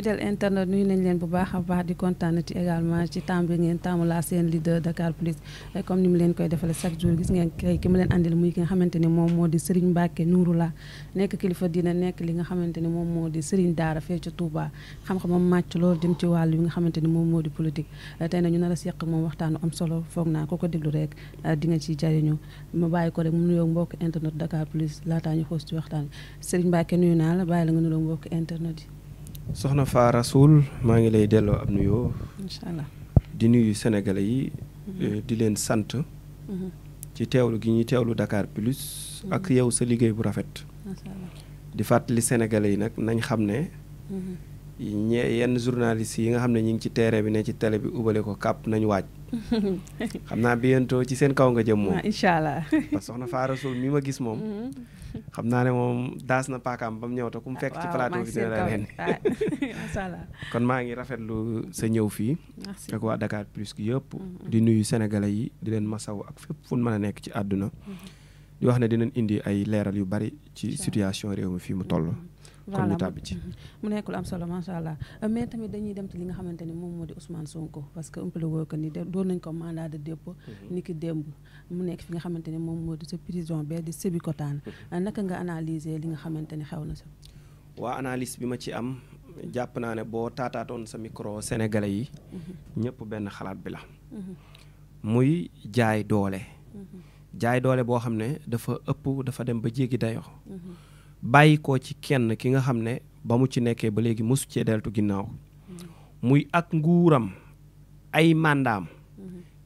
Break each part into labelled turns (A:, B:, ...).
A: fidèle internet nuyu nañ leen bu baax a baax di kontaanati également ci temps bi ngeen taamu laa seen leader Dakar Plus comme ni mu leen koy defalee chaque jour gis ngeen kay ki mu leen andil muy ki nga xamante ni moom moo di Serigne Mbacke Nourou la li nga xamante ni moom moo di Serigne Daara fee ca Touba xam-xamam màcc loolu jëm ci wàll yi nga xamante ni moom moo di politique tey na ñu nar a seq moom waxtaanu am solo foog naa ko ko déglu rek ah, di nga ciy jariñu ma bàyyi ko rek mu nuyoo mbokk internet Dakar Plus laataa ñu xoos waxtaan Serigne Mbacke nuyu naa bàyyi la nga nuyoo mbokk internet yi
B: soxna Faa Rasoul maa ngi lay delloo am nuyoo. di nuyu sénégalais yi. Mhm. Eh, di leen sant. Mhm. ci teewlu gi ñuy teewlu Dakar Plus. Mhm. ak yow sa liggéey bu rafet. di fàttali sénégalais yi nag nañ xam ne. yenn journaliste yi nga xam ne ñu ngi ci terrain bi ne ci tele bi ubale ko kàpp nañu waaj. xam naa bientôt ci seen kaw nga jëm moom. Ah, incha allah parce soxna Faara Sow mi ma gis moom.
A: Mm-hmm.
B: xam naa ne moom daas na paakaam ba mu ñëw te ku mu fekk ci plateau
A: ah,
B: kon maa ngi rafetlu sa ñëw fii. ak waa Dakar plus gi yëpp. Mm-hmm. di nuyu sénégalais yi di leen masaw ak fépp fu mën a nekk ci àdduna. Mm-hmm. di wax ne dinañ indi ay leeral yu bari ci situation réew mi fii mu toll. voilà kon tàbbi ci
A: mu nekk lu am solo macha allah euh, mais tamit dañuy dem ci li nga xamante ni moom moo di Ousmane Sonko parce que ëmpale woo ko ni doon nañ ko mandat de dépôt mm-hmm. ni ki démb mu nekk fi nga xamante ni moom moo di sa prison bee di Sébikotane mm-hmm. naka nga analyser li nga xamante ni xew na sa
B: waa analise bi ma ci am jàpp naa ne boo taataatoon sa micro sénégalais yi
C: mm-hmm.
B: ñëpp benn xalaat bi la muy jaay doole jaay doole boo xam ne dafa ëpp dafa dem ba jéggi dayoo bàyyi ko ci kenn ki nga xam ne ba mu ci nekkee ba léegi mosu cee deltu ginnaaw muy ak nguuram ay màndaam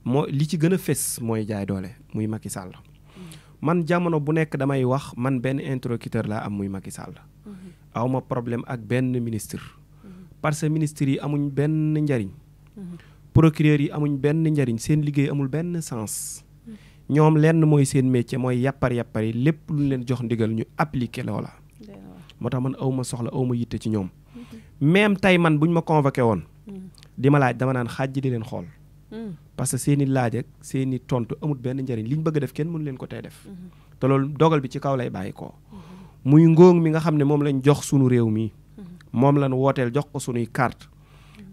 B: moo li ci gën a fés mooy jaay doole muy Macky Sall man jamono bu nekk damay wax man benn interlocuteur laa am muy Macky Sall awma ma problème ak benn ministre parce que ministre yi amuñ benn njariñ mhm. procureur yi amuñ benn njariñ seen liggéey amul benn sens ñoom lenn mooy seen métier mooy yàppar yàppar yi lépp lu ñu leen jox ndigal ñu appliquer loola. moo tax man awma soxla awma yitte ci ñoom. même tey man bu ñu ma convoqué woon. di ma laaj dama naan xaaj di leen xool. parce que seen i laaj ak tontu amut benn njëriñ liñ bëgg a def kenn mënu leen ko tey def. te loolu dogal bi ci kaw lay bàyyi ko. muy ngóog mi nga xam ne moom lañ jox sunu réew mii moom lañ wooteel jox ko sunuy carte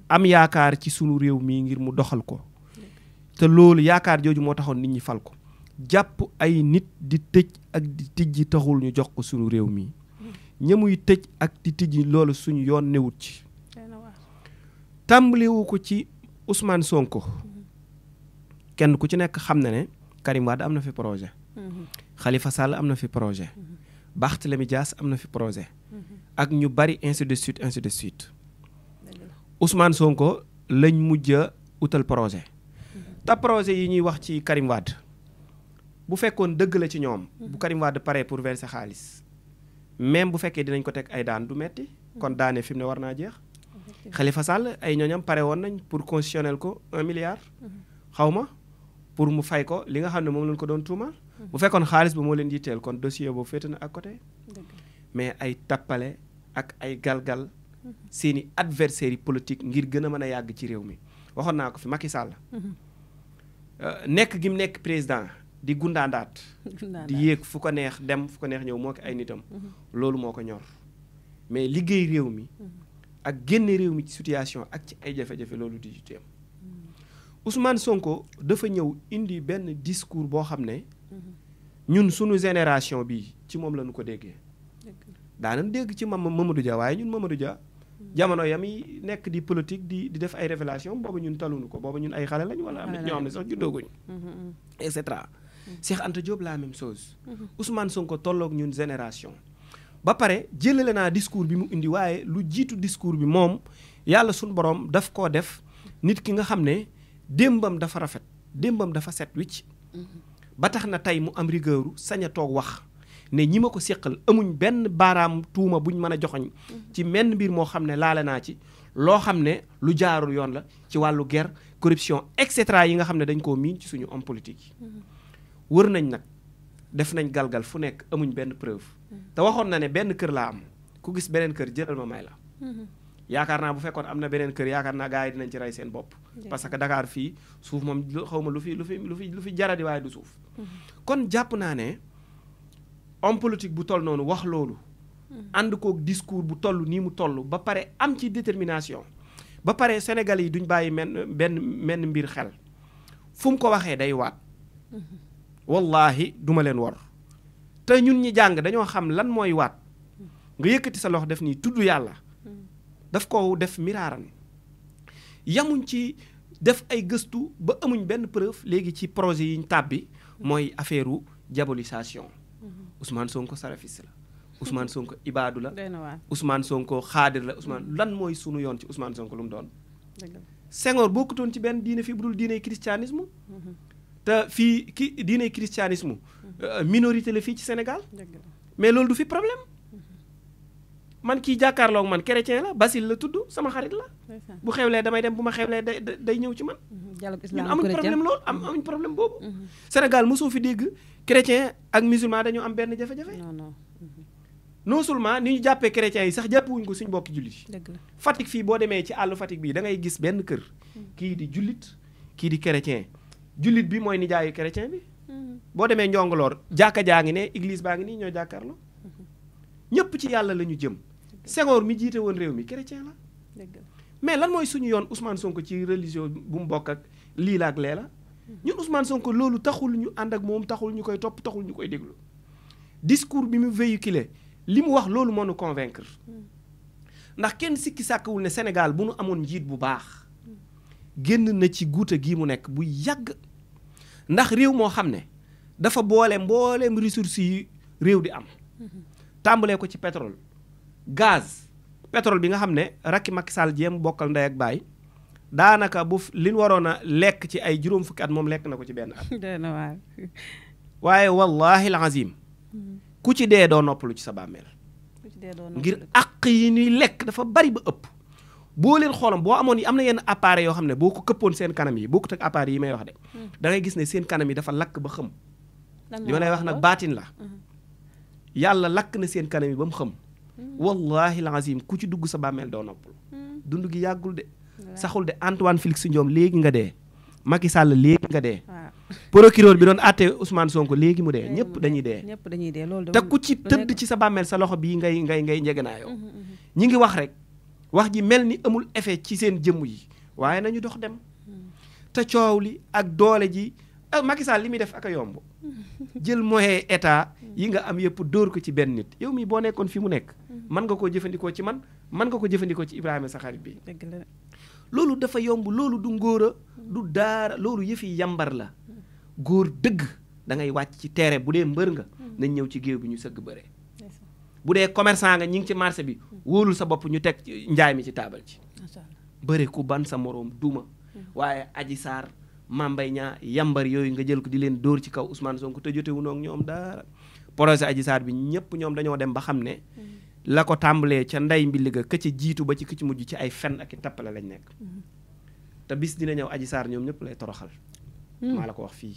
B: am yaakaar ci sunu réew mii ngir mu doxal ko. te loolu yaakaar jooju moo taxoon nit ñi fal ko. jàpp ay nit di tëj ak di tijji taxul ñu jox ko suñu réew mi ñamuy tëj ak di tijji loolu suñu yoon newut ci tàmbaliwu ko ci Ousmane Sonko kenn ku ci nekk xam na ne Karim am na fi projet xalifa Sall am na fi projet Barthélemy Dias am na fi projet ak ñu bari ainsi de suite ainsi de suite Ousmane Sonko lañ mujj a utal projet te projet yi ñuy wax ci Karim bu fekkoon dëgg la ci ñoom. bu Karim Wade pare pour verser xaalis même bu fekkee dinañ ko teg ay daan du metti kon daane fi mu ne war naa jeex. Khalifa sàll ay ñooñam pare woon nañ pour constitutionnel ko un milliard. xaw ma pour mu fay ko li nga xam ne moom lañ ko doon tuumaal. bu fekkoon xaalis ba moo leen yitteel kon dossier boobu féete na ak côté. mais ay tappale ak ay galgal seeni adversaires yi politique ngir gën a mën a yàgg ci réew mi waxoon naa ko fi Macky Sall. Mhm. Euh, di gundaandaat di yéeg fu ko neex dem fu ko neex ñëw moo ko ay nitam mm-hmm. loolu moo ko ñor mais liggéey réew mi
C: mm-hmm.
B: ak génne réew mi ci situation ak ci ay jafe-jafe loolu di juteem mm-hmm. Ousmane Sonko dafa ñëw indi benn discours boo xam ne ñun sunu génération bi ci moom la ñu ko déggee daanan dégg ci mama Mamadou Dia waaye ñun Mamadou ja jamono yam yi nekk di politique di di def ay révélation booba ñun taluñu ko booba ñun ay xale lañ wala am na ñoo xam ne sax juddooguñ cetera Cheikh Anta Diop la même chose. Mhm. Ousmane ko tollook ñun génération. ba pare jëlale naa discours bi mu indi waaye lu jiitu discours bi moom yàlla suñ borom daf koo def nit ki nga xam ne démbam dafa rafet démbam dafa set wicc. Mhm. ba tax na tey mu am rigueur sañ a toog wax. ne ñi ma ko séqal amuñ benn baaraam tuuma buñ mën a joxoñ mhm. ci menn mbir moo xam ne laale naa ci loo xam ne lu jaarul yoon la ci wàllu ger corruption et cetera yi nga xam ne dañ koo miin ci suñu homme yi wër nañ nag def nañ galgal fu nekk amuñ benn preuve mm-hmm. te waxoon na ne benn kër laa am ku gis beneen kër jëlal ma may la mm-hmm. yaakaar naa bu fekkoon am na beneen kër yaakaar naa gaa yi dinañ ci rey seen bopp parce que Dakar fii suuf moom xaw ma lu fi lu fi lu fi lu fi jaradi waaye du suuf mm-hmm. kon jàpp naa ne homme politique bu toll noonu wax loolu ànd koog discours bu toll nii mu toll ba pare am ci détermination ba pare Sénégal yi duñ bàyyi men benn menn mbir xel fu mu ko waxee day waat wallaahi duma leen wor te ñun ñi jàng dañoo xam lan mooy waat nga yëkkati sa loxo def nii tudd yàlla daf ko def miraaran yamuñ ci def ay gëstu ba amuñ benn preuve léegi ci projet yiñ tàbbi mooy affaire u diabolisation Ousmane Sonko sarafis la Ousmane Sonko ibaadu la Ousmane Sonko xaadir la usmaan mm-hmm. lan mooy sunu yoon ci usmaan Sonko lu mu doon Senghor bokkutoon ci benn diine fii bu dul diine christianisme mm-hmm. te fii ki diine christianisme euh, minorité la fii ci Sénégal mais loolu du fi problème man kii jàkkaarloog man chrétien la Basile la tudd sama xarit la bu xewlee damay dem bu ma xewlee day day ñëw ci man mmh. ñun amuñ problème lool am mmh. amuñ problème boobu mmh. Sénégal mosoo fi dégg chrétien ak musulman dañoo am benn jafe-jafe non seulement ni ñu jàppee chrétiens yi sax jàppewuñ ko suñ bokki jullit yi Fatick fii boo demee ci àll Fatick bii dangay gis benn kër kii di jullit kii di chrétien jullit bi mooy nijaayu chrétien bi. Mm-hmm. boo demee Njongoloor jàkka jaa ngi ne église baa ngi nii ñoo jàkkaarloo. Mm-hmm. ñëpp ci yàlla la ñu jëm. Senghor mi jiite woon réew mi chrétien la. mais lan mooy suñu yoon Ousmane Sonko ci religion bu mu bokk ak lii la ak lee la. Mm-hmm. ñun Ousmane Sonko loolu taxul ñu ànd ak moom taxul ñu koy topp taxul ñu koy déglu. discours bi mu kile li mu wax loolu moo nu convaincre. ndax kenn sikki sàkkawul ne Sénégal bu nu amoon njiit bu baax. génn na ci guuta gii mu nekk bu yàgg. ndax réew moo xam ne dafa boole mbooleem ressources yi réew di am tàmbalee ko ci pétrole gaz pétrole bi nga xam ne rakki Macky Sall jéem bokkal ndey ak baay daanaka bu li ñu waroon a lekk ci ay juróom fukki at moom lekk na ko ci benn at waaye wallahi alazim ku ci dee doo noppalu ci sa bàmmeel ngir àq yi ñuy lekk dafa bari ba ëpp boo leen xoolam boo amoon yi am na yenn appareil yoo xam ne boo ko këppoon seen kanam yi bokkut ak appareil yi hmm. da ngay gis ne seen kanam yi dafa ba xëm li ma lay wax nag baatin la hmm. yàlla lakk na seen kanam yi ba mu xëm
C: hmm.
B: wallahi lazim ku ci dugg sa bàmmeel doo noppal dund gi yàggul de saxul de Antoine Félix Ndiome léegi nga dee Macky Sall léegi nga dee procureur bi doon àtte Ousmane Sonko léegi mu dee ñëpp dañuy dee te ku ci tëdd ci sa bàmmeel sa loxo bii ngay ngay ngay njegenaayoo ñi ngi wax rek wax ji mel ni amul effet ci seen jëmm yi waaye nañu dox dem te coow li ak doole ji ak ah, Macky li muy def ak yomb jël moyen état yi nga am yëpp dóor ko ci benn nit yow mii boo nekkoon fi mu nekk mën nga koo jëfandikoo ci man mën nga ko jëfandikoo ci Ibrahima sa xarit bi loolu dafa yomb loolu du ngóora du daara loolu yëfi yambar la góor dëgg da ngay wàcc ci terrain bu dee mbër nga nañ ñëw ci géew bi ñu sëgg bëre bu dee commerçant nga ñi ngi ci marché bi wóolul sa bopp ñu teg njaay mi ci taabal ci bëri ku ban sa moroom duma mm-hmm. waaye aji saar mambay ñaa yambar yooyu nga jël ko di leen dóor ci kaw Ousmane Sonko te jotewu noog ñoom dara projet aji saar bi ñëpp ñoom dañoo dem ba xam ne mm-hmm. la ko tàmbalee ca ndey mbi ga ka ci jiitu ba ci ki mujj ci ay fen ak i tappale lañ nekk mm-hmm. te bis dina ñëw aji saar ñoom ñëpp lay toroxal mm. maa la ko wax fii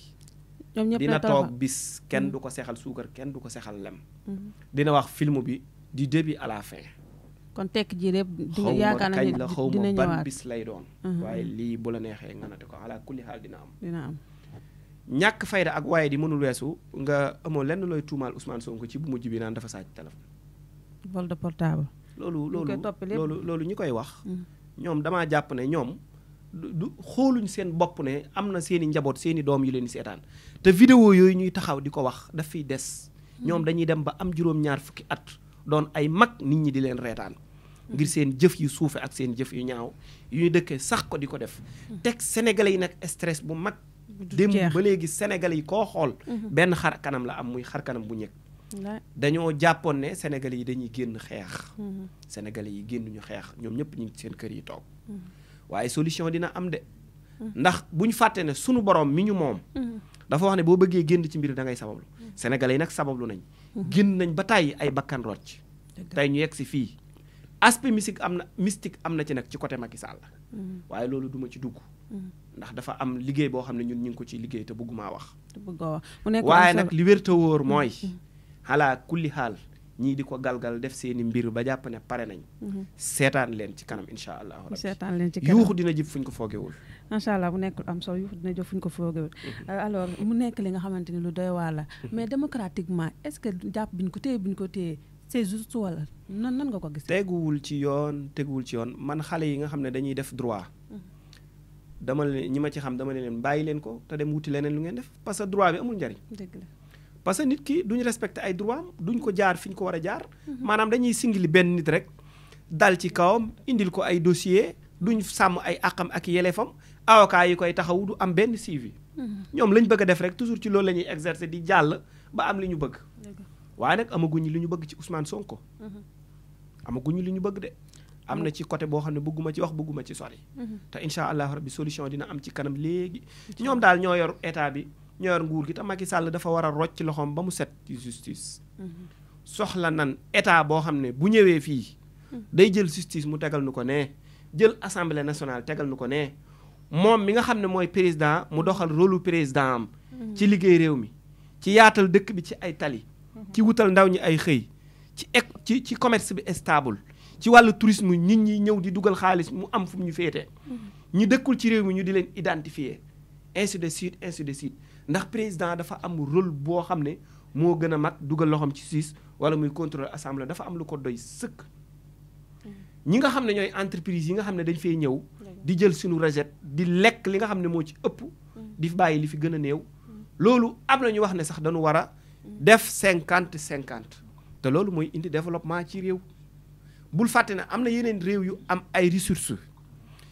C: dina toog
B: bis kenn mm-hmm. du ko sexal suukar kenn du ko sexal lem mm-hmm. dina wax film bi di début à
A: kon tekk jii lépp dina yaakaar nañ la xaw ma ban bis
B: lay doon mm-hmm. waaye lii bu la neexee nga nate ko ala kulli xaal dina am ñàkk fayda ak waaye di mënul weesu nga amoon lenn looy tuumaal Ousmane Sonko ci bu mujj bi naan dafa sàcc téléphone
A: vol de portable
B: loolu loolu loolu loolu ñi koy wax ñoom damaa jàpp ne ñoom du xooluñ seen bopp ne am na seen i njaboot seeni doom yu leen di seetaan te video yooyu ñuy taxaw di ko wax daf fiy des mm-hmm. ñoom dañuy dem ba am juróom-ñaar fukki at doon ay mag nit ñi di leen reetaan ngir mm-hmm. seen jëf yu suufe ak seen jëf yu ñaaw yu ñu dëkkee sax ko di ko def mm-hmm. teg sénégalais yi nag stress bu mag démb ba léegi sénégalais yi koo xool benn xar kanam la am muy xar kanam bu ñekk dañoo jàppoon ne sénégalais yi dañuy génn xeex sénégalais yi génnuñu xeex ñoom ñëpp ñu ngi seen kër yi toog waaye solution dina am de. Mm. ndax bu ñu fàtte ne sunu borom mi ñu moom. Mm. dafa wax ne boo bëggee génn ci mbir da ngay sabablu. Mm. sénégalais yi nag sabablu nañ. génn nañ ba tàyyi ay bakkan rocc. tey ñu yegg si fii aspect mystique am na mystique am na ci nag ci côté Macky Sall. waaye loolu duma ci dugg. ndax dafa am liggéey boo xam ne ñun ñu ngi ko ci liggéey te bëggumaa wax. waaye nag li wér mooy. xalaa kulli xaal. ñii di ko galgal def seeni mbir ba jàpp ne pare nañ mhm. seetaan leen ci kanam incha allah rabbi seetaan leen ci kanam yuuxu dina jib fuñ ko foogewul
A: macha allah bu nekkul am solo yuuxu fuñ ko foogewul mhm. euh, alors mu nekk li nga xamante ni lu doy waala la mhm. mais démocratiquement est ce que jàpp biñ ko téye biñ ko téye c'est juste wala nan nan nga ko gis
B: teguwul ci yoon teguwul ci yoon man xale yi nga xam ne dañuy def droit dama leen ñi ma ci xam dama leen bàyyi leen ko te dem wuti leneen lu ngeen def parce que droit bi amul njariñ dëgg parce que nit ki duñ respecté ay droit am duñ ko jaar fi ñu ko war a jaar. Mhm. maanaam dañuy singili benn nit rek dal ci kawam indil ko ay dossier duñ sàmm ay àqam ak yelefam avocat yi koy taxawu du am benn suivi. Mhm. ñoom lañ bëgg def rek toujours ci loolu la ñuy exercer di jàll ba am li ñu bëgg. waaye nag amaguñu li ñu bëgg ci Ousmane Sonko. Mhm. amaguñu li ñu bëgg de. am na ci côté boo xam ne bëgguma ci wax bëgguma ci sori. te incha allah rabbi solution dina am ci kanam léegi. ñoom daal ñoo yor état bi. ñoor nguur gi te Macky dafa war a rocc loxoom ba mu set ci justice. soxla nan état boo xam ne bu ñëwee fii. day jël justice mu tegal nu ko ne jël assemblée nationale tegal nu ko ne moom mi nga xam ne mooy président mu doxal rôlu président am. ci liggéey réew mi ci yaatal dëkk bi ci ay tali. ci wutal ndaw ñi ay xëy. ci ec ci ci commerce bi estable ci wàllu tourisme nit ñi ñëw di dugal xaalis mu am fu mu ñu féete. ñu dëkkul ci réew mi ñu di leen identifier ainsi de suite ainsi ndax président dafa am rôle boo xam ne moo gën a mag dugal loxoom ci Suisse wala muy contrôle assemblée dafa am lu ko doy sëkk. ñi nga xam ne ñooy entreprise yi nga xam ne dañ fay ñëw. di jël suñu recette di lekk li nga xam ne moo ci ëpp. di bàyyi li fi gën a néew. Mm. loolu am na ñu wax ne sax dañu war a mm. def cinquante cinquante te loolu mooy indi développement ci réew. bul fàtte ne am na yeneen réew yu am ay ressources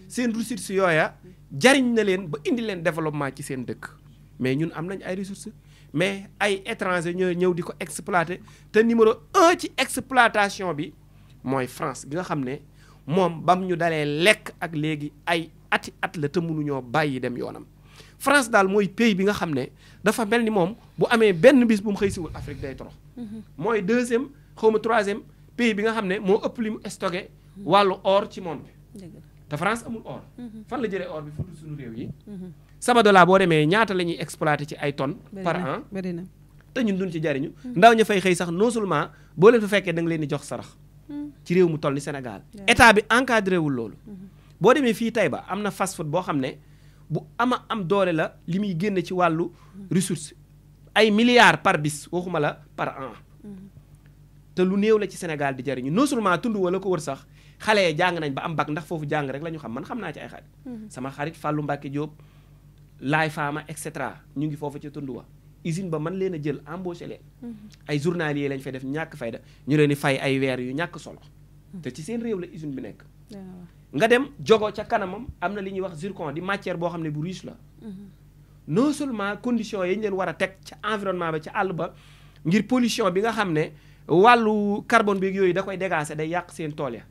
B: seen ressources yooya jariñ na leen ba indi leen développement ci seen dëkk. mais ñun am nañ ay ressources mais ay étrangers ñoo ñëw di ko exploiter te numéro un ci exploitation bi mooy France bi nga xam ne moom bam ñu dalee lekk ak léegi ay ati at la te mënuñoo bàyyi dem yoonam France daal mooy pays bi nga xam ne dafa mel ni moom bu amee benn bis bu mu xëy siwul Afrique day torox mhm. mooy deuxième xaw ma troisième pays bi nga xam ne moo ëpp li mu stocké mhm. wàllu or ci monde bi te France amul or mhm. fan la jëlee or bi fu dul suñu réew yi sama Sabodala boo demee ñaata la ñuy exploité ci ay tonnes par an te ñun duñ ci jariñu ndaw ña fay xëy sax non seulement boo leen fa fekkee danga leen di jox sarax hmm. ci réew mu toll ni Sénégal état bi encadré wul loolu hmm. boo demee fii ba am na fast food boo xam ne bu ama am doole la li muy génne ci wàllu ressource ay milliards par bis waxuma la par an hmm. te lu néew la ci Sénégal di jariñu non seulement tund wala ko wër sax xale jàng nañ ba am bac ndax foofu jàng rek la ñu xam man xam naa ci ay sama xarit Fallou Mbacke Diop laay faama et cetera ñu ngi foofu ca tund wa usine ba man leen a jël embauché leen mhm. ay journalier lañ fay def ñàkk fay da ñu leen di fay ay weer yu ñàkk solo mhm. te ci seen réew la usine bi nekk nga dem jogo ca kanamam am na li ñuy wax zircon di matière boo xam ne bu riche la mhm. non seulement condition yañ leen war a teg ca environnement ba ca àll ba ngir polition bi nga xam ne wàllu carbone bi yooyu da koy dégager day yàq seen tool ya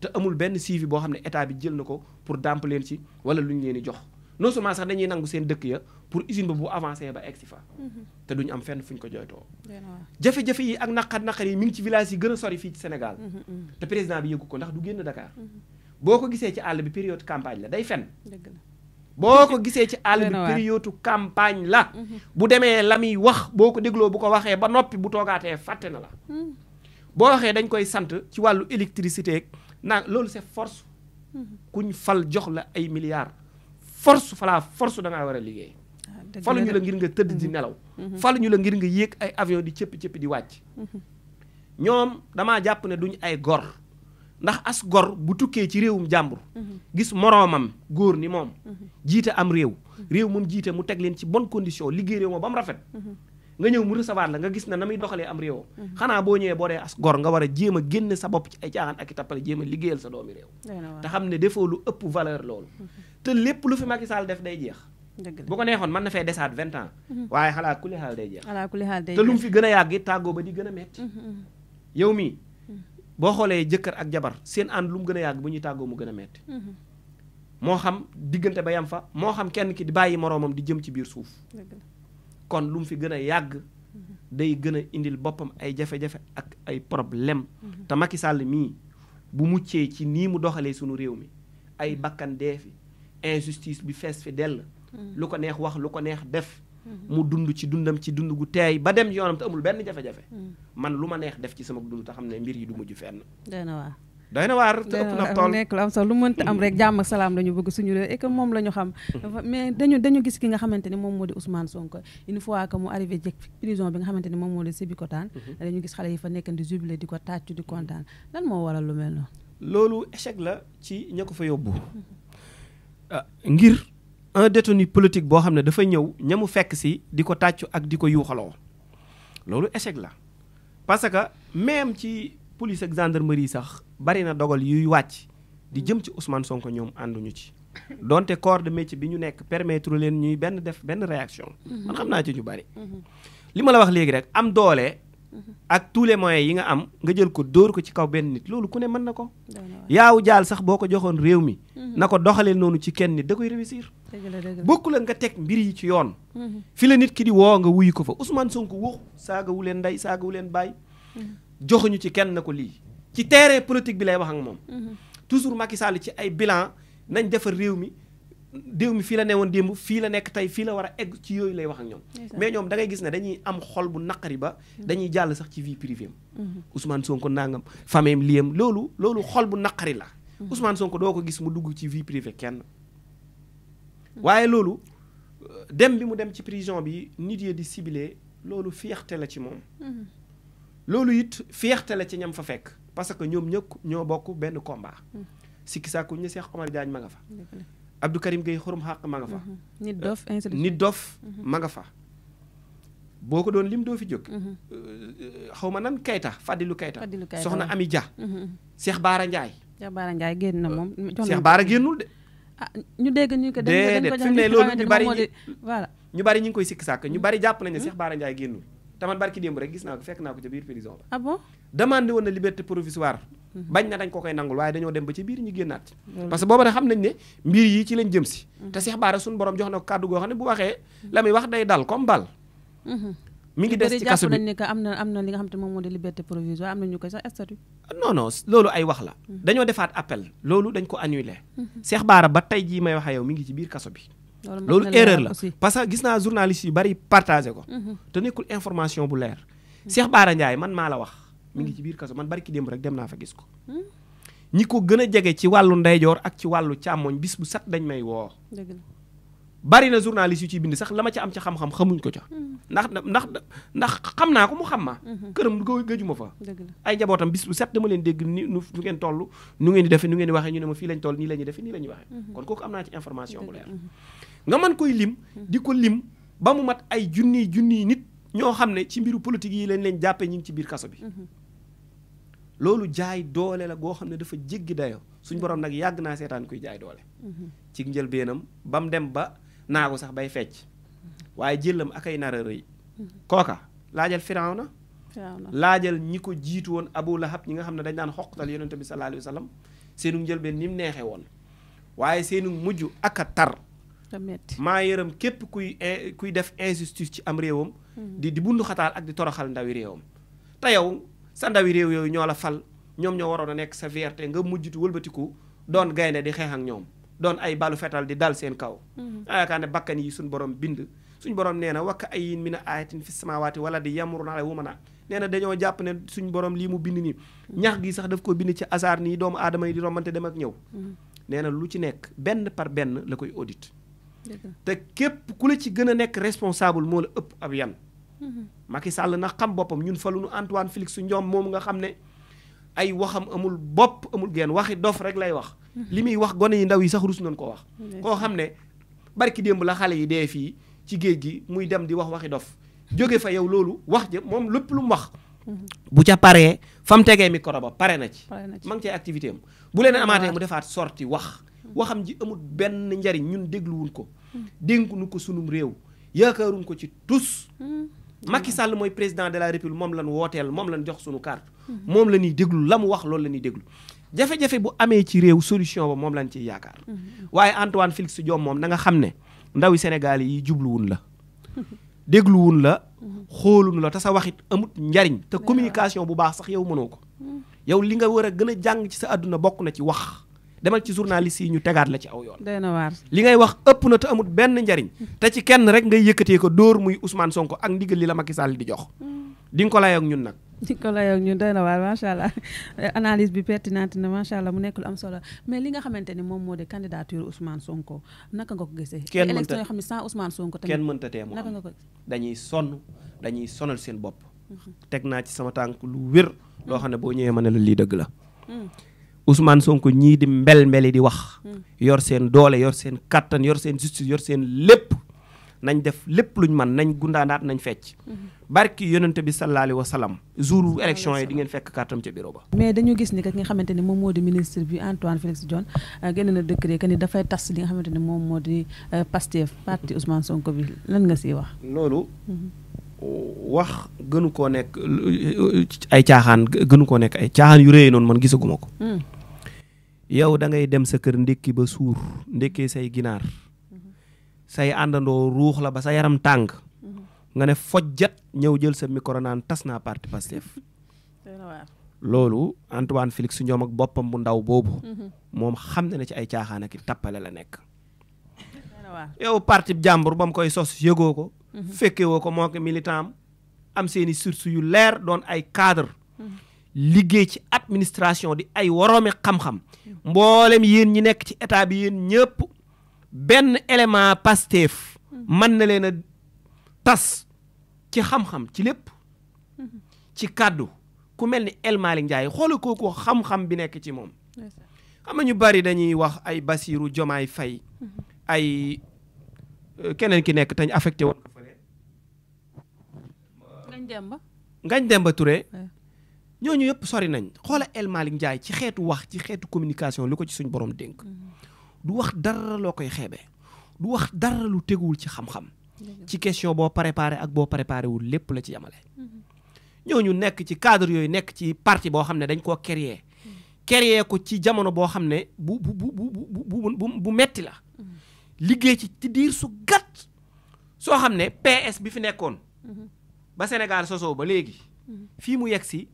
B: te amul benn suivi boo xam ne état bi jël na ko pour dàmp leen ci wala lu ñu leen di jox non seulement sax dañuy nangu seen dëkk ya pour usine ba bu avancé ba egg si fa. Mhm. te duñu am fenn fu ñu ko jooytoo. jafe-jafe yi ak naqar naqar yi mi ngi ci village yi gën a sori fii ci Sénégal. Mhm, mhm. te président bi yëgu ko ndax du génn Dakar. boo ko gisee ci àll bi période campagne la day fen boo ko gisee ci àll bi période la. bu demee la muy wax boo ko dégloo bu ko waxee ba noppi bu toogaatee fàtte na la. boo waxee dañ koy sant ci wàllu électricité ak loolu c'est force. kuñ fal jox la ay milliards. force fa la force da war a liggéey. falu ah, ñu la ngir nga tëdd di nelaw. Mhm. falu ñu la ngir nga yéeg ay avion di cëppi cëppi di wàcc. Mhm. ñoom damaa jàpp ne duñ ay gor ndax as gor bu tukkee ci réewum jàmbur. Mhm. gis moroomam góor ni moom. jiite am réew. réew moom jiite mu teg leen ci bonne condition liggéey réew moom ba mu rafet. nga ñëw mu recevoir la nga gis na na muy doxalee am réewam xanaa boo ñëwee boo dee as gor nga war a jéem a génne sa bopp ci ay caaxaan ak i tappale jéem a liggéeyal sa doomi réew te xam ne defoo lu ëpp valeur loolu te lépp lu fi Macky Sall def day jeex. bu ko neexoon man na fay desaat vingt ans. Mhm. waaye xalaa kuli xaal day jeex.
A: xalaa te lu mu fi
B: gën a yàgg tàggoo ba di gën a metti mhm, mhm. yow mii boo xoolee jëkkër ak jabar seen ànd lu gën a yàgg bu ñuy tàggoo mu gën a metti moo xam diggante ba yam fa moo xam kenn ki di bàyyi moroomam di jëm ci biir suuf. kon lu mu fi gën a yàgg. day gën a indil boppam ay jafe-jafe ak ay problème te Macky Sall mii bu muccee ci nii mu doxalee sunu réew mi ay bakkan dee injustice bi fees fi dell. Hmm. lu ko neex wax lu ko neex def. Hmm. mu dund ci dundam ci dund gu teey ba dem yoonam te amul benn jafe-jafe. Hmm. man lu ma neex def ci sama dund te xam ne mbir yi du mujj fenn. doy na waar doy na waar te ëpp na nekk
A: lu am solo lu mënta am rek jàmm ak salaam lañu bëgg suñu réew moom la ñu xam. mais dañu dañu gis ki nga xamante ni moom moo di Ousmane Sonko une fois que mu arrivé jëkk prison bi nga xamante moom moo di Sébikotane. Mhm. dañu gis xale nekk di jubilé di ko tàccu di kontaan lan moo waral
B: lu mel noonu. loolu échec la ci ña ko fa yóbbu. Mhm. Euh, ngir un détenu politique boo xam ne dafa ñëw ñamu fekk si di ko tàccu ak di ko yuuxaloo loolu échec la parce que même ci police ak gendarmerie sax bari na dogal yuy wàcc di jëm ci Ousmane Sonko ñoom ànduñu ci donte corps de métier bi ñu nekk permettre leen ñuy benn def benn réaction mhm. man xam naa ci ñu bari mhm. li ma la wax léegi rek am doole mhm. ak tous les moyens yi nga am nga jël ko dóor ko ci kaw benn nit loolu ku ne mën na ko yaaw jaal sax boo ko joxoon réew mi na ko doxalee noonu ci kenn nit da koy réussir. bokk la nga teg mbir yi ci yoon. Mm-hmm. fi la nit ki di woo nga wuyu ko fa Ousmane Sonko wax saaga wu leen ndey saaga leen baay mm-hmm. joxuñu ci kenn na ko lii. ci terrain politique bi lay wax ak moom. Mm-hmm. toujours Macky Sall ci ay bilan nañ defar réew mi. déew mi fii la newoon démb fii la nekk tey fii la war a egg ci yooyu lay wax ak ñoom mais ñoom da ngay gis ne dañuy am xol bu naqari ba dañuy jàll sax ci vie privée am Ousmane Sonko nangam fameem liyam loolu loolu xol bu naqari la Mhm. Ousmane Sonko doo ko gis mu dugg ci vie privée kenn. waaye loolu dem bi mu dem ci prison bi nit yi di ciblé loolu fierté la ci moom. Mhm. loolu it fierté la ci ñam fa fekk parce que ñoom ñëpp ñoo bokk benn combat. Mhm. sikki sàkku ñu Cheikh Omar Diagne ma nga fa. Abdou Karim Gueye xurum xàq fa.
C: nit dof euh,
B: nit dof ma fa. boo ko doon lim doo fi jóg. Euh, euh, xaw ma nan Kayta Fadilou Kayta. Soxna Ami Dia. Cheikh Baara Ndiaye.
A: Cheikh Bara Ndiaye génn na moom. Cheikh Bara génnul de. ah ñu dégg ñu ko ko jox ne loolu ñu bari
B: voilà ñu bari ngi koy sikk sàkk ñu mm. bari jàpp nañ ne Cheikh mm. Bara Ndiaye génnul taman barki démb rek gis naa ko fekk naa ko ca biir prison ba ah bon demandé woon na liberté mm. ko koy nangul waaye dañoo dem ba ci biir ñu génnaat parce que booba ne xam nañ ne mbir yi ci lañ jëm si te Cheikh Bara suñu borom jox na ko kàddu goo xam ne bu waxee la muy wax day dal comme bal mm-hmm. mi ngi des ci kaso bi
A: que am na am na li moo di liberté ah, loolu
B: ay wax la. Mm-hmm. dañoo defaat appel loolu dañ ko annulé. Mm-hmm. Cheikh Bara ba tey ji may wax yow mi ngi ci biir kaso bi. loolu erreur la parce que gis naa journaliste yu bari partagé ko. Mm-hmm. te nekkul information bu leer. Cheikh baara Ndiaye man maa la wax. mi ngi ci biir kaso man bari ki démb rek dem naa fa gis ko. ñi ko gën a jege ci wàllu ndeyjoor ak ci wàllu càmmoñ bis bu sat dañ may woo. bari na journaliste yu ciy bind sax la ma ca am ca xam-xam xamuñ ko ca. Hmm. ndax ndax ndax xam naa ko mu xam ma hmm. këram ko gëjuma fa. ay njabootam bis bu set dama leen dégg ni nu ngeen toll nu ngeen di defee nu ngeen di waxee ñu ne ma fii lañ toll nii la ñuy defee nii la ñuy waxee. Hmm. kon kooku am naa ci information bu leer. nga man koy lim. di ko lim ba mu mat ay junniy junniy nit ñoo xam ne ci mbiru politique yi lañ leen jàppee ñu ngi ci biir kaso bi. loolu jaay doole la goo xam ne dafa jéggi dayoo suñ borom nag yàgg naa seetaan kuy jaay doole. ci njëlbeenam ba mu dem ba naagu sax bay fecc waaye jëlam ak ay nar a rëy kooka laajal na laajal ñi ko jiitu woon abu lahab ñi nga xam ne dañ daan xoqtal yonent bi sallallahu alayhi wa seenu njëlbeen ni mu neexee woon waaye seenu mujj ak a tar maa yërëm képp kuy kuy def injustice ci am réewam hmm. di di bundu ak di toroxal ndawi réewam te yow sa ndawi réew yooyu ñoo la fal ñoom ñoo waroon a nekk sa fierté nga mujjutu wëlbatiku doon gaynde di xeex ak ñoom doon ay balu fetal di dal seen kaw mhm. yaakaar ne bakkan yi suñ borom bind suñ borom nee na wakk ay yin mi a ayatin fi samawati wala di yamuruna ala wumana nee na dañoo jàpp ne suñ borom lii mu bind nii ñax gi sax daf ko bind ci hasard nii doomu aadama yi di rombante dem ak ñëw mhm. nee na lu ci nekk benn par benn la koy audit te képp ku la ci gën a nekk responsable moo la ëpp ab yan mhm. Macky Sall na xam boppam ñun falu nu Antoine Félix su njoom moom nga xam ne ay waxam amul bopp amul genn waxi dof rek lay wax mhm. li muy wax gone yi ndaw yi sax rus nañ koo wax koo xam ne barki démb la xale yi dee fii ci géej gi muy dem di wax waxi dof jóge fa yow loolu wax ja moom lépp lu mu wax mhm. bu ca paree fa mu tegee micro ba pare na ci ma ngi cay activité am bu leen amaatee mu defaat sorti wax waxam ji amul benn njariñ ñun dégluwul ko mhm. nu ko sunum réew yaakaaruñ ko ci tus Macky sàll mooy président de la république moom lan wooteel moom lan jox suñu carte. moom la ñuy déglu la mu wax loolu la ñuy déglu. jafe-jafe bu amee ci réew solution ba moom lañ ciy yaakaar. waaye Antoine Félix Diome moom na nga xam ne ndawi Sénégal yi jubluwun la. dégluwun la. Mhm. xoolun la te sa waxit amut njariñ. te communication bu baax sax yow mënoo ko. Mhm. yow li nga war a gën a jàng ci sa àdduna bokk na ci wax. demal ci journaliste yi ñu tegaat la ci aw yoon li ngay wax ëpp na te amul benn njariñ te ci kenn rek ngay yëkkatee ko dóor muy Ousmane Sonko ak ndigal li la Macky Sall di jox di nga ko layoog ñun nag
A: di ko layoog ñun doy na waar macha allah analyse bi pertinente na macha allah mu nekk lu am solo mais li nga xamante ni moom moo de candidature Ousmane Sonko naka nga ko gisee. kenn mënta élection yoo
B: xam ne sans Ousmane Sonko tamit kenn mënta tee naka nga ko dañuy sonn dañuy sonal seen bopp. Mhm. teg naa ci sama tànk lu wér loo mhm. xam ne boo ñëwee ma ne la lii dëgg la. Mhm. Ousmane Sonko ñii di mbel mbeli di wax. Hmm. yor seen doole yor seen kattan yor seen justice yor seen lépp nañ def lépp luñ man nañ gundaanaat nañ fecc. Hmm. barki yonente bi sallallahu alayhi wa salaam. jour élection yi di ngeen fekk kàttam ca bureau
A: mais dañu gis ni que ki nga xamante ni moom moo di ministre bi Antoine Félix Diome euh, génn na décret que ni dafay tas li nga xamante ni moom moo di euh, Pastef parti Ousmane Sonko bi lan nga siy
B: wax. loolu. Hmm. wax gënu koo nekk ay caaxaan gënu koo nekk ay caaxaan yu rëy noonu man gisaguma ko. yow da ngay dem sa kër ndékki ba suur ndékkee say ginaar say àndandoo ruux la ba sa yaram tàng nga ne fojjat ñëw jël sa micro tas naa parti Pastef loolu Antoine Félix ñoom ak boppam bu ndaw boobu mhm. moom xam na ci ay caaxaana ki tappale la nekk yow parti jàmbur ba mu koy sos yëgoo ko mhm. woo ko moo ko militant am am seeni source yu leer doon ay cadre liggéey ci administration di ay woroomi xam-xam mboolem yéen ñi nekk ci état bi yéen ñëpp benn élément Pastef mën na leen a tas ci xam-xam ci lépp
C: mm-hmm.
B: ci kàddu ku mel ni El Malick Ndiaye xoolal kooku xam-xam bi nekk ci moom xam na ñu bari dañuy wax ay basiiru Jomaay Fay mm-hmm. ay euh, keneen ki nekk tañ affecté woon ngañ demba ngañ ñooñu yëpp sori nañ xoola El Malick Ndiaye ci xeetu wax ci xeetu communication lu ko ci suñ borom dénk
C: mm-hmm.
B: du wax dara loo koy xeebee du wax dara lu ci xam ci question boo préparé ak boo préparé wul lépp la ci yamale mm-hmm. ñooñu nekk ci cadre yooyu nekk ci parti boo xam ne dañ koo créer mm-hmm. créer ko ci jamono boo xam ne bu bu bu bu bu metti la liggéey ci ci diir su gàtt soo xam ne PS bi fi nekkoon ba Sénégal sosoo ba léegi fii mu yegg si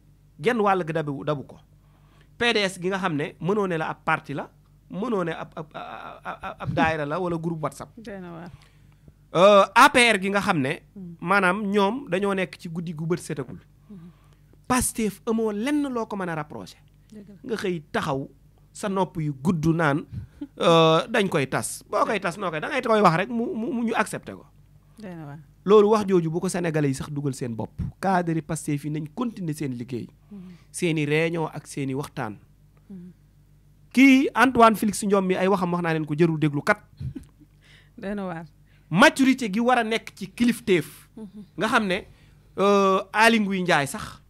B: genn wàll gi dabu dabu ko PDS gi nga xam ne mënoo ne la ab parti la mënoo ne ab ab ab daayira la wala groupe WhatsApp. APR euh, gi nga xam ne. Hmm. maanaam ñoom dañoo nekk ci guddi gu bët setagul. Hmm. Pastef amoo lenn loo ko mën a rapproché. nga xëy taxaw sa nopp yu guddu naan euh, dañ koy tas boo koy tas noo koy da ngay koy wax rek mu mu ñu accepté ko. loolu wax jooju bu ko sénégalais yi sax dugal seen bopp cadre yi Pastef yi nañ continuer seen liggéey mm-hmm. seeni i ak seeni waxtaan mm-hmm. kii Antoine Félix Ndiome mi ay waxam wax naa leen ko jërul déglu kat dana waar maturité gi war a nekk ci kilifteef mm-hmm. nga xam ne euh, Aly Ngouille Ndiaye sax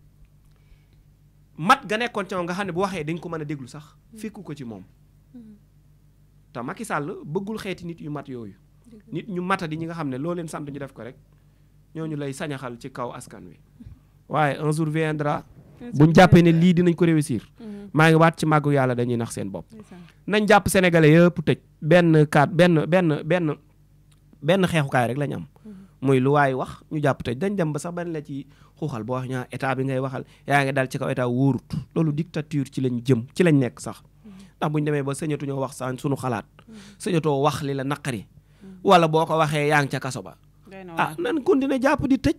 B: mat ga nekkoon ci nga xam ne bu waxee dañ ko mën a déglu sax fekku ko ci moom te Macky Sall bëggul xeeti nit yu mat yooyu nit ñu matadi ñi nga xam ne loo leen sant ñu def ko rek ñoo ñu lay sañaxal ci kaw askan wi waaye en jour viendra buñ jàppee ne lii dinañ ko réussir mm-hmm. maa ngi waat ci màggu yàlla dañuy nax seen bopp nañ jàpp sénégalais yëpp tëj benn kaat benn benn benn benn xeexukaay rek lañ am mooy mm-hmm. lu waaye wax ñu jàpp tëj dañ dem ba sax ban la ci xuuxal boo wax ñaa état bi ngay waxal yaa ngi daal ci kaw état wóorut loolu dictature ci lañ jëm ci lañ nekk sax mm-hmm. ndax buñ demee ba sëñatuñoo wax sax suñu xalaat sëñatoo wax li naqari Mm. wala boo ko waxee yaa ngi ca kaso ba. ah nan dina jàpp di tëj.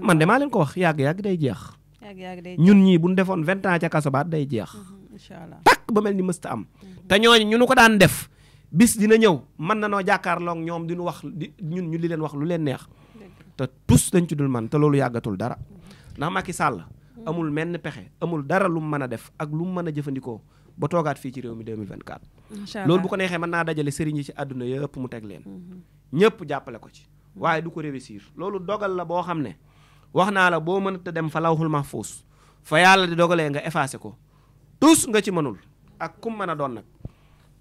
B: man demaa leen ko wax yàgg yàgg day jeex. ñun ñii bu ñu defoon vingt ans ca kaso baat day jeex. Mm-hmm, incha allah takk ba mel ni mësta am. Mm-hmm. te ñooñu ñu nu ko daan def bis dina ñëw mën na noo jàkkaarloog ñoom dinu wax di ñun ñu li leen wax lu leen neex. te tus dañ ci dul man te loolu yàggatul dara. Mm-hmm. ndax Macky sàll amul menn pexe amul dara lu mu mën a def ak lu mu mën a jëfandikoo. ba toogaat fii ci réew mi 2024. incha allah loolu bu ko neexee mën naa dajale sëriñ yi ci àdduna yëpp mu teg leen. Mhm. ñëpp jàppale ko ci. waaye du ko réussir loolu dogal la boo xam ne wax naa la boo mën a mënta dem fa lawhul mahfuus fa yàlla di dogalee nga effacé ko tous nga ci mënul ak kum mën a doon nag.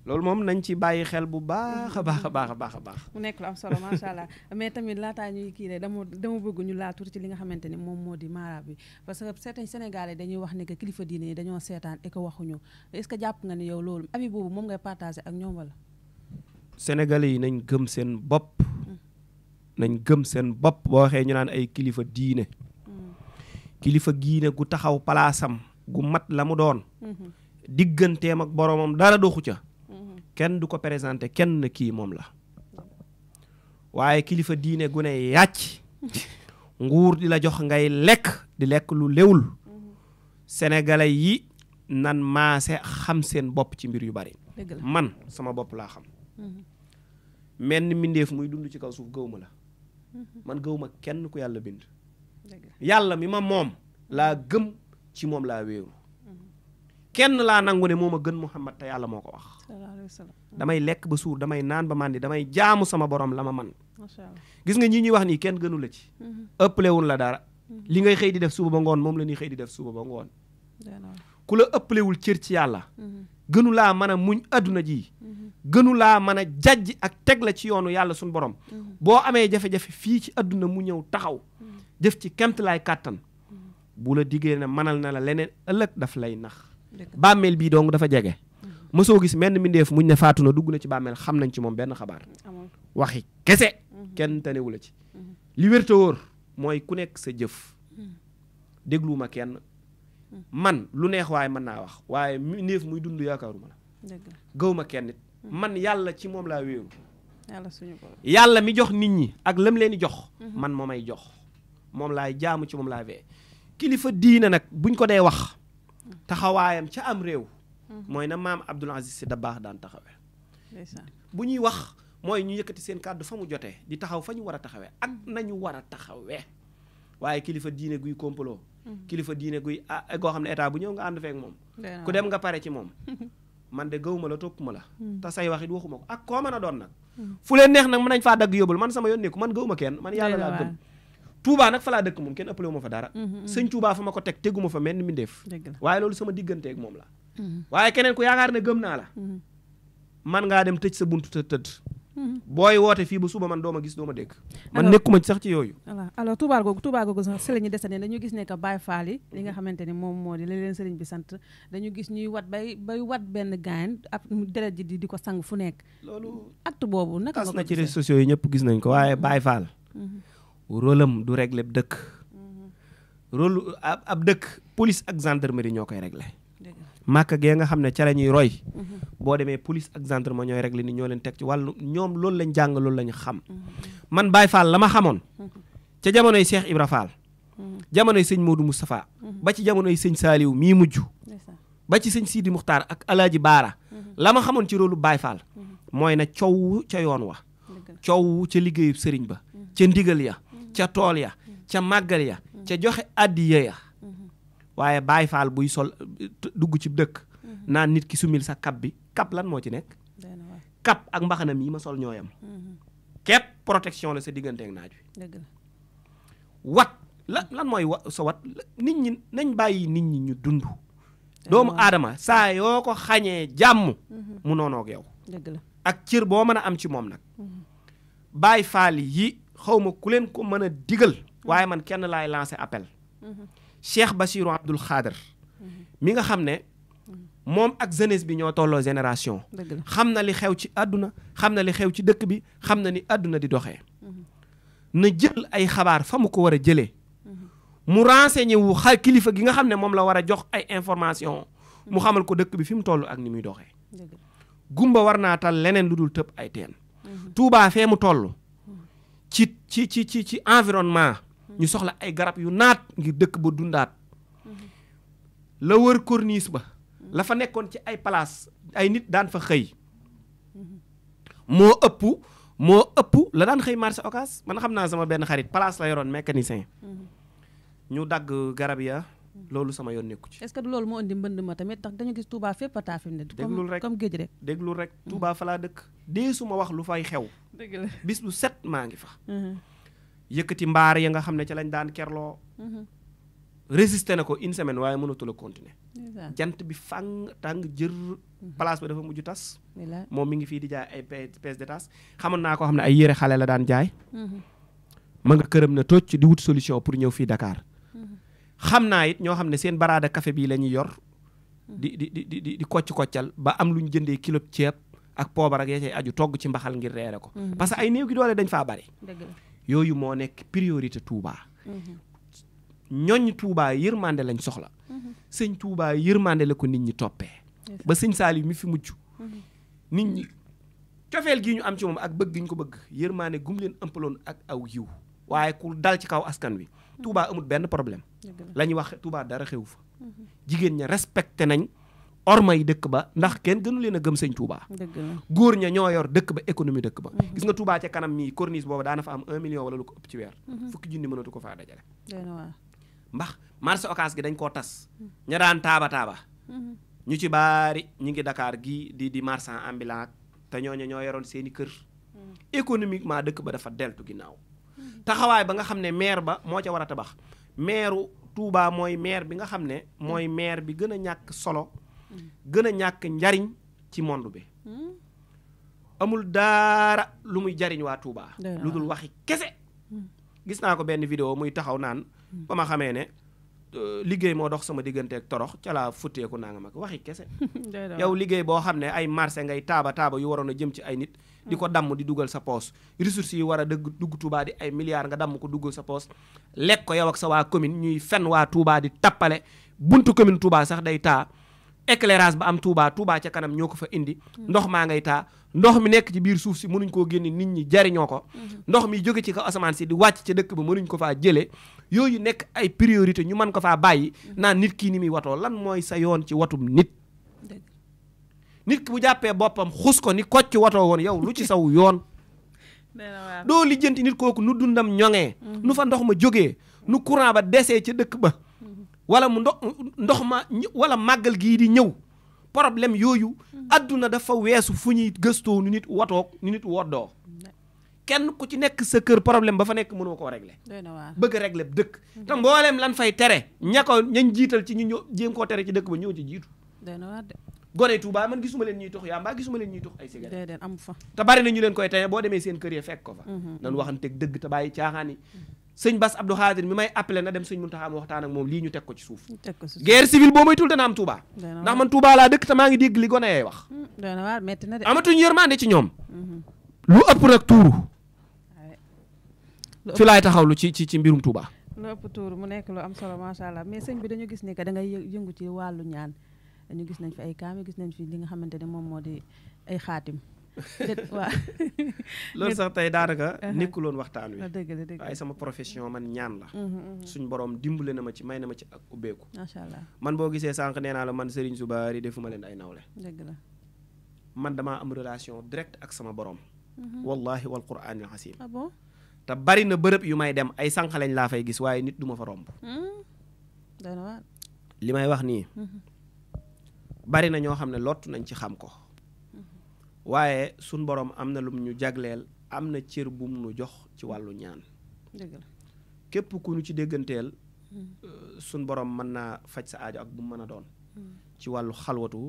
B: loolu moom nañ ci bàyyi xel bu baax a baax baax a baax a baax
A: mu nekk lu am solo macha allah mais tamit laataa ñuy kii rek dama dama bëgg ñu laal ci li nga xamante ni moom moo di mara bi parce que certains sénégalais dañuy wax ne que kilifa diine yi dañoo seetaan et que waxuñu est ce que jàpp nga ne yow loolu abi boobu moom ngay partagé ak ñoom wala
B: yi nañ gëm seen bopp hmm. nañ gëm seen bopp boo waxee ñu naan ay kilifa diine hmm. kilifa giine gu taxaw palaasam gu mat la mu doon hmm. digganteem ak boroomam dara doxu ca kenn du ko présenté kenn kii moom la waaye kilifa diine gu ne yàcc nguur di la jox ngay lekk di lekk lu léwul sénégalais yi nan maase xam seen bopp ci mbir yu bari man sama bopp laa xam menn mbindeef muy dund ci kaw suuf gëw ma la man gëwma kenn ku yàlla bind yàlla mi ma moom laa gëm ci moom laa wéeru kenn laa nangu ne moom a gën Muhammad te yàlla moo ko wax damay lekk ba suur damay naan ba màndi damay jaamu sama borom la ma man gis nga ñii ñuy wax nii kenn gënu la ci mm-hmm. ëpplewul la dara mm-hmm. li ngay xëy di def suba ba ngoon moom la ñuy xëy di def suba ba ngoon ku la ëpplewul cër ci yàlla mm-hmm. gënu laa mën a muñ àdduna ji gënu laa mën a jajj ak teg la ci yoonu yàlla suñu borom boo amee jafe-jafe fii ci àdduna mu ñëw taxaw jëf ci kemt laay kàttan bu la diggee ne mënal na la leneen ëllëg daf lay nax bàmmeel bii dong dafa jege mësoo gis menn mbindeef muñ ne faatu na dugg na ci bàmmeel xam nañ ci moom benn xabaar waxi kese mhm. kenn tanewu la ci mhm. li wér te mooy ku nekk sa jëf mhm. dégluwuma kenn man lu neex waaye mën naa wax waaye néef muy dund yaakaaruma la gëwuma kenn nit man yàlla ci moom laa wéeru yàlla mi jox nit ñi ak lam leen di jox man moo may jox moom laay jaamu ci moom laa wee kilifa diina nag buñ ko dee wax taxawaayam ca am réew Mhm. mooy na maam Abdoul Aziz Sy Dabakh daan taxawee. bu ñuy wax mooy ñu yëkkati seen kàddu fa mu jotee di taxaw fa ñu war a taxawee ak na ñu war a taxawee waaye kilifa diine guy complot. Mhm. kilifa diine guy ah eh, goo xam ne état bu ñëw nga ànd feek moom. ku dem nga pare ci moom. man de gawuma la toppuma la. Mhm. te say wax it waxuma ko ak koo mën a doon nag. fu leen neex nag mën nañ faa dagg yóbbul man sama yoon nekku man gawuma kenn man yàlla laa gëm. Touba nag fa laa kenn ma fa dara. sëñ Touba fa ko teg teguma fa menn mbindeef. waaye loolu sama digganteeg moom la Mm-hmm. waaye keneen ku yaakaar na gëm naa la mm-hmm. man ngaa dem tëj sa buntu tëdd mm-hmm. booy woote fii ba suba man dooma gis dooma dégg man nekkuma ci sax ci yooyu
A: voilà alors Touba googu Touba googu sax si la ñu desane dañu gis ne que Baye Fall li nga xamante ni moom moo di la leen bi sant dañu gis ñuy wat bay bay wat benn gaañ ab deret ji di di ko sang fu nekk loolu acte boobu nag tas na ci réseaux
B: sociaux yi ñëpp gis nañ ko waaye Baye Fall rôlam du régler dëkk rôle ab dëkk police ak gendarmerie ñoo koy régler màkk gee nga xam ne ca la ñuy roy mhm. boo demee police ak ma ñooy régler ni ñoo leen teg ci wàllu ñoom loolu lañ jàng loolu lañ xam mhm. man Baye Fall la ma xamoon mhm. ca jamonoy Cheikh Ibra Fall jamonoy sëñ Modou Moustapha ba ci jamonoy sëñ Saliou mii mujj ba ci sëñ Sidi Muxtaar ak Alaaji Baara la ma xamoon ci rôlu Baye Fall mooy na coow ca yoon wa coow ca liggéeyu sëriñ ba ca ndigal ya ca tool ya ca màggal ya ca joxe addiya ya waaye Baay Faal buy sol dugg ci dëkk mhm. naan nit ki sumil sa kap bi kap lan moo ci nekk kap ak mbaxanam yi ma sol ñoo ñooyam mhm. képp protection la sa digganteek naaj
C: wi
B: wat lan mooy wa sa wat nit ñi nañ bàyyi nit ñi ñu dund doomu aadama saa yoo ko xañee jàmm mhm. mu noonoog yow ak cër boo mën a am ci moom nag Baay Faal yi xawma ku leen ko mën a digal waaye man kenn laay lancé appel Cheikh Bassirou Abdoul Khader mi nga xam ne moom ak jeunesse bi ñoo tolloo génération xam na li xew ci àdduna xam na li xew ci dëkk bi xam na ni àdduna di doxee na jël ay xabaar fa mu ko war a jëlee mu renseigné wu xa kilifa gi nga xam ne moom la war a jox ay information mu xamal ko dëkk bi fi mu toll ak ni muy doxee gumba war naa tal leneen lu dul tëb ay teen Touba fee mu toll ci ci ci ci environnement ñu soxla ay garab yu naat ngir dëkk ba dundaat la wër corniche ba la fa nekkoon ci ay place ay nit daan fa xëy moo ëpp moo ëpp la daan xëy marché Ocass man xam naa sama benn xarit place la yoroon mécanicien ñu dagg garab ya loolu sama yoon nekku
A: ci. est-ce loolu moo indi mbënd ma tamit ndax dañu gis Touba fépp a taafim
B: ne. déglul rek comme rek. déglul rek fa laa dëkk. dee su wax lu fay xew. bis bu set maa ngi fa. Mhm. yëkkati mbaar ya nga xam ne ci lañ daan kerloo. Mhm. résister na ko une semaine waaye mënatul a continuer. jant bi fan tàng jër. Mhm. place ba dafa mujj tas. moom mi ngi fii di jaay ay pièces détachées xamoon naa ko xam ne ay yére xale la daan jaay. Mhm. ma nga këram na tocc di wut solution pour ñëw fii Dakar. xam naa it ñoo xam ne seen baraada kafe bii la ñuy yor. di di di di di kocc koccal ba am lu ñu jëndee kilo ceeb ak poobar ak yaa cay aju togg ci mbaxal ngir reere ko. parce ay néew gi doole dañ faa bari. yooyu moo nekk priorité Touba. Mm-hmm. ñooñ tuubaa yërmande lañ soxla. Mm-hmm. sëñ Touba yërmande la ko nit ñi toppee. ba sëñ Saliou mi fi mujj. Mm-hmm. nit ñi cofeel gi ñu am ci moom ak bëgg gi ñu ko bëgg yërmande gum leen ëmpaloon ak aw yiw waaye ku dal ci kaw askan wi. Touba amul benn problème. la ñuy wax Touba dara xew fa. jigéen ña respecté nañ. orma yi dëkk ba ndax kenn gënu gëm sëñ Touba. góor ña ñoo yor dëkk ba économie dëkk ba. Mhm. gis nga Touba ca kanam mii corniche boobu daana fa am 1 million wala lu ko ëpp ci weer. Mhm. fukki junni mënatu ko faa dajale. mbax marché occas gi dañ koo tas. ña daan taaba taaba. Mhm. ñu ci baari ñu ngi dakaar gi di di marchand ambulant te ñooñu ñoo yoroon seen i kër. économiquement dëkk ba dafa deltu ginnaaw. taxawaay ba nga xam ne maire ba moo ca war a tabax. maireu Touba mooy maire bi nga xam ne. mooy maire bi gën a ñàkk solo. gën a ñàkk njariñ ci monde bi hmm? amul daara lu muy jariñ waa Touba. lu dul waxi kese hmm. gis naa ko benn vidéo muy taxaw naan hmm. ba ma xamee ne euh, liggéey moo dox sama diggante ak torox ca laa futteeku naa nga mag waxi kese yow liggéey boo xam ne ay marché ngay taaba taaba yu waroon a jëm ci ay nit di ko damm di dugal sa poos ressources yi war a dëgg dugg Touba di ay milliards nga damm ko duggal sa poos lekk ko yow ak sa waa commune ñuy fen waa tuubaa di tappale bunt commune Touba sax day taa éclairage ba am Touba Touba ca kanam ñoo ko fa indi ndox maa ngay taa ndox mi nekk ci biir suuf si mënuñ koo génne nit ñi jariñoo ko mhm. ndox mi jóge ci kaw asamaan si di wàcc ca dëkk ba mënuñ ko faa jële yooyu nekk ay priorité ñu man ko faa bàyyi mhm. naa nit kii ni muy watoo lan mooy sa yoon ci watum nit nit ki bu jàppee boppam xus ko ni kocc watoo woon yow lu ci saw yoon doo lijjanti nit kooku nu dundam ñoŋee mhm. nu fa ndox ma jógee nu courant ba desee ca dëkk ba wala mu ndox ndox ma wala màggal gii di ñëw problème yooyu hmm. adduna dafa weesu fu ñuy gëstoo nu nit wotoog nu nit woddoo kenn ku ci nekk sa kër problème ba fa nekk mënoo koo régler bëgg a régler dëkk hmm. te mbooleem lan fay tere ña ko ñañ jiital ci ñu ñëw jéem koo tere ci dëkk ba ñëw ci jiitu gone Touba man gisuma leen ñuy tox yaa mbaa gisuma leen ñuy tox ay cigarette am te bari na ñu leen koy teye boo demee seen kër ya fekk ko fa hmm. nan waxanteeg dëgg te bàyyi caaxaan yi sëñ Bass Abdou Khadir mi may appelé na dem sëñ Muntaxa mu waxtaan ak moom lii ñu teg ko ci suuf guerre civile boo moytul dana am Touba ndax man Touba laa dëkk te maa ngi dégg li gone ay wax
A: hmm, na amatuñ yërmande
B: ci ñoom hmm. lu ëpp nag tuuru
A: fi laay taxawlu ci
B: ci ci mbirum Touba
A: lu ëpp tuuru mu nekk lu am solo macha allah mais sëñ bi dañu gis ni que da ngay yëngu ci wàllu ñaan dañu gis nañ fi ay kaami gis nañ fi li nga xamante ne moom moo di ay xaatim waaw. loolu sax
B: tey daanaka. Uh-huh. nekkuloon waxtaan wi. Ah, waaye sama profession man ñaan la. Mm-hmm, mm-hmm. suñ borom dimbale na ma ci may na ma ci ak ubbeeku. macha allah man boo gisee sànq nee naa la man Serigne su baari defuma leen ay nawle. dëgg la man damaa am relation direct ak sama boroom
A: mm-hmm. wallahi
B: wal qur'aanil asiim. ah bon te bari na bërëb yu may dem ay sànq lañ laa fay gis waaye nit du ma fa romb. li may wax nii. bari na ñoo xam ne lottu nañ ci xam ko. waaye suñ borom am na lu ñu jagleel am na cër bu nu jox ci wàllu ñaan képp ku ñu ci dégganteel hmm. euh, suñ borom mën naa faj sa aajo ak bu mën a doon hmm. ci wàllu xalwatu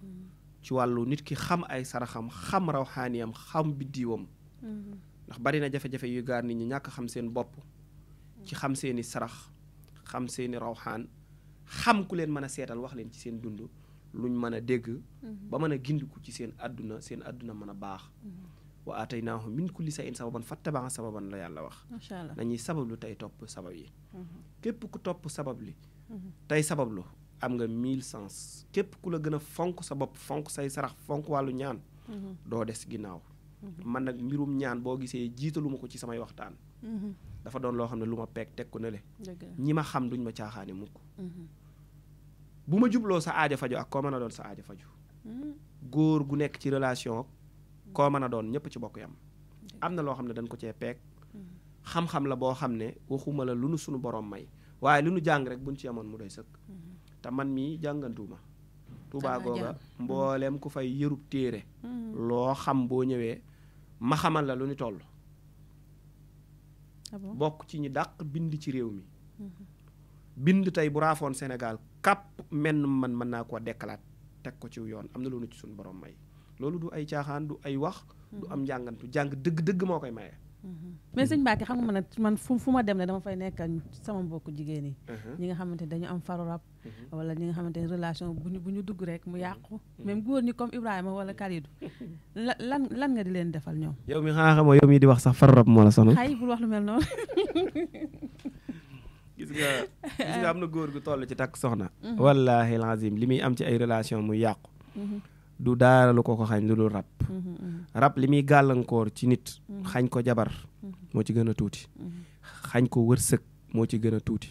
B: hmm. ci wàllu nit ki xam ay saraxam xam rawxaaniyam xam biddiwam ndax bari na jafe-jafe yu gaar nit ñi ñàkk xam seen bopp ci xam seeni sarax xam seeni rawxaan xam ku leen mën a seetal wax leen ci seen dund luñ mën a dégg
C: mhm. ba mën
B: a gindiku ci seen àdduna seen àdduna mën a baax mhm. wa aataynaahum min ku li kulli sayin sababan fattabaa sababan la yàlla wax nañuy lu tey topp sabab yi mhm. képp ku topp sabab li tey sabablu am nga mille sens képp ku la gën a fonk sa bopp fonk say sarax fonk wàllu ñaan doo des ginnaaw man nag mbirum ñaan boo gisee jiitaluma ko ci samay waxtaan dafa doon loo xam ne lu ma peeg teg ko ne le ñi ma xam duñ ma caaxaane mukk bu ma jubloo sa aajo faju ak koo mën a doon sa aajo faju góor gu nekk ci relation koo mën a doon ñëpp ci bokk yam am na loo xam ne dañ ko cee peeg mm-hmm. xam-xam la boo xam ne waxuma la lu nu suñu borom may waaye lu nu jàng rek buñ ci amoon mu doy sëkk mm-hmm. te man mii jàngantuuma Tuubaa googa mm-hmm. mbooleem ku fay yërub téere loo xam boo ñëwee ma xamal la lu ñu toll ah bokk ci ñu dàq bind ci réew mi bind tey bu raafoon Sénégal kàpp menn man mën naa koo dekkalaat teg ko ci yoon am na loolu ci suñu borom may loolu du ay caaxaan du ay wax du am njàngantu jàng dëgg-dëgg moo koy maye.
A: mais sëñ Mbacke xam nga man man fu fu ma dem ne dama fay nekk sama mbokku jigéen yi. Uh-huh. ñi nga xamante ne dañu am faru rab. Uh-huh. wala ñi nga xamante ne relation bu ñu bu ñu dugg rek mu uh-huh. yàqu. même góor ñi comme Ibrahima wala Kalidou lan lan nga di leen defal ñoom.
B: yow mi xanaa xamoo yow mi di wax sax faru moo la sonal. ay gis nga nga am na góor gu toll ci takk soxna mhm. wallaahi lazim li muy am ci ay relation muy yàqu mhm. du daara ko ko xañ lu dul rab mhm, rab li muy gàllankoor ci nit xañ ko jabar moo ci gën a tuuti xañ ko wërsëg moo ci gën a tuuti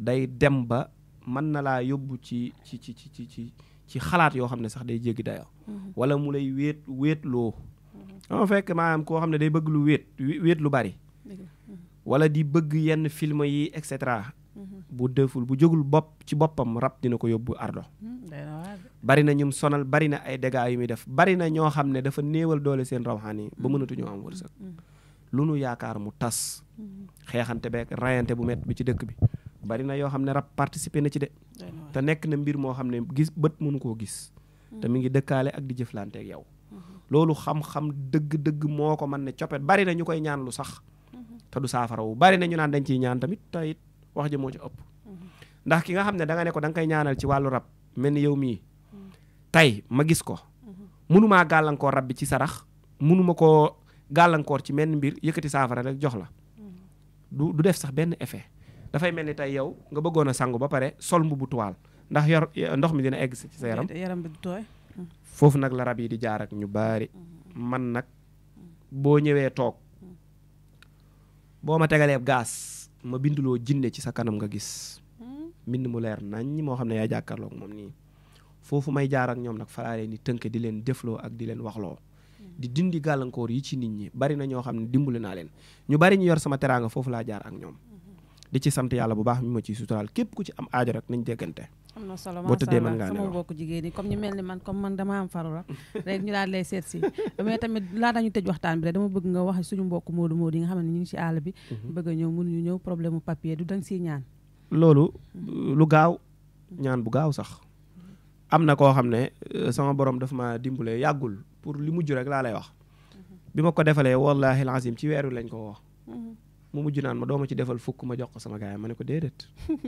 B: day dem ba mën na laa yóbbu ci ci ci ci ci ci xalaat yoo xam ne sax day jéggi dayoo wala mu lay wéet wéetloo ama fekk maanaam koo xam ne day bëgg lu wéet wéet lu bari wala di bëgg yenn film yi et cetera. Mhm. bu deful bu jógul bopp ci boppam rab dina ko yóbbu ardo hmm, bari na ñum sonal bari na ay dégâts yu muy def bari na ñoo xam ne dafa néewal doole seen rawxaan yi ba hmm. mënatuñoo am wërsëg hmm. lu nu yaakaar mu tas xeexante beeg rayante bu met bi ci dëkk bi bari na yoo xam ne rab participer na ci de te nekk na mbir moo xam ne gis bët mënu koo gis te mi ngi dëkkaale ak di jëflante ak yow loolu xam-xam dëgg-dëgg moo ko mën ne coppet bari na ñu koy ñaan lu sax te du saafara wu bari na ñu naan dañ ciy ñaan tamit te it wax ja moo ci ëpp ndax ki nga xam ne da nga ne ko da koy ñaanal ci wàllu rab mel ni yow mii tey ma gis ko mënumaa gàllankoor rab bi ci sarax mënuma koo gàllankoor ci menn mbir yëkkati saafara rek jox la du du def sax benn effet dafay mel ni tey yow nga bëggoon a sangu ba pare sol mbubu toile ndax yor ndox mi dina egg ci sa yaram yaram bi du tooy foofu nag la rab yi di jaar ñu baari man nag boo ñëwee toog boo ma tegalee gaas ma binduloo jinne ci sa kanam nga gis hmm. mbind mu leer nañ moo xam ne yaa jàkkaarloog moom nii foofu may jaar ak ñoom nag falaa leen di tënk di leen defloo ak di leen waxloo hmm. di dindi gàllankoor yi ci nit ñi bari na ñoo xam ne dimbali naa leen ñu bari ñu yor sama teraanga foofu laa jaar ak ñoom hmm. di ci sant yàlla bu baax ñu ma ciy suturaal képp ku ci am aajo rek nañ déggante am na solo boo tëddee mën ngaa sama bokk
A: jigéen ñi comme ñu mel ni man comme man dama am faru rab rek ñu daal lay seet si mais tamit laata ñu tëj waxtaan bi rek dama bëgg nga wax suñu mbokk Modou Modou yi nga xam ne ñu ngi si àll bi mhm. bëgg a ñëw mënuñu ñëw problème mu papier du dang siy ñaan
B: loolu lu gaaw ñaan bu gaaw sax am na koo xam ne euh, sama borom daf ma dimbale yàggul pour li mujj rek laa lay wax mhm. bi ma ko defalee wallaahi lazim ci weeru lañ ko wax mu mujj naan ma dooma ci defal fukk ma jox ko sama gaay ma ne ko déedéet.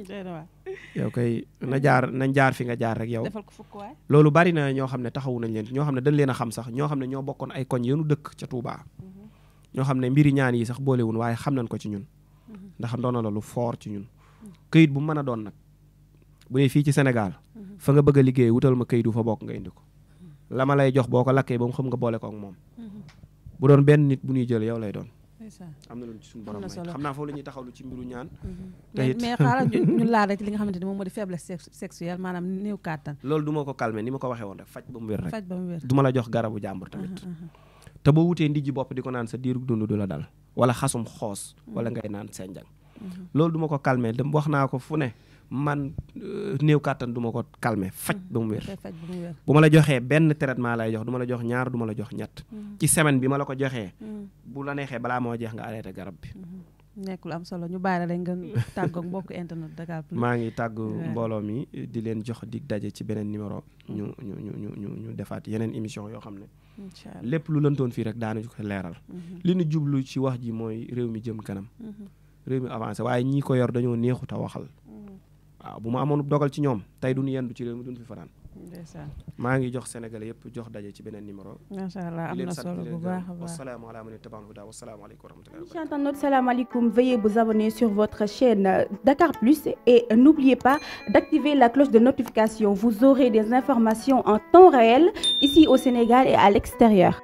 B: yow kay na jaar nañ jaar fi nga jaar rek yow. defal ko fukk waay loolu bari na ñoo xam ne taxawu nañ leen ñoo xam ne dañ leen xam sax ñoo xam ne ñoo bokkoon ay koñ yenu dëkk ca Touba. Mm-hmm. ñoo xam ne mbiri ñaan yi sax boolewun waaye xam nañ ko ci ñun. Mm-hmm. ndax doon na loolu fort ci ñun. këyit bu mën a doon nag bu ne fii ci Sénégal. Mm-hmm. fa nga bëgg a liggéey wutal ma këyit du fa bokk nga indi ko. la ma lay jox boo ko lakkee ba xam nga boole moom. bu doon benn nit bu ñuy jël yow lay doon am na loolu ci suñu a may xam naa foofu la ñuy taxawlu ci mbiru ñaan mhm. mais xaaral ñu
A: laal rek li nga xamante ni moom moo di faiblesse sexuelle maanaam néew kàttan
B: loolu du ko calmer ni ma ko waxee woon rek faj ba mu wér rek la jox garabu jàmbur tamit mhm, mhm. te boo wutee ndijji bopp di ko naan sa diirug dund du la dal wala xasum xoos wala ngay naan senjang loolu du ko calmer dem wax naa ko fu ne man euh, néew kàttan duma ko kalme mm-hmm. faj ba mu wér bu ma la joxee benn traitement lay jox duma la jox ñaar duma la jox ñett mm-hmm. ci semaine bi ma la ko joxee mm-hmm. bu la neexee balaa moo jeex nga arrêté garab bi
A: nekk lu am solo ñu bàyyi la nga tàggoog mbokk internet Dakar
C: maa
B: ngi tàgg mbooloo mi di leen jox di daje ci beneen numéro ñu ñu ñu ñu ñu defaat yeneen émission yoo xam ne lépp lu lëntoon fii rek daanañu ko leeral li ñu jublu ci wax ji mooy réew mi jëm kanam réew mi avancé waaye ñii ko yor dañoo neexut a waxal waaw bu ma amoon dogal ci ñoom tey duñu yendu ci réew mi duñu fi fanaan maa ngi jox sénégal yëpp jox daje ci beneen numéro macha allah am na solo bu baax a
A: baax salaamaaleykum veuillez vous abonner sur votre chaîne Dakar Plus et n'oubliez pas d'activer la cloche de notification vous aurez des informations en temps réel ici au Sénégal et à l'extérieur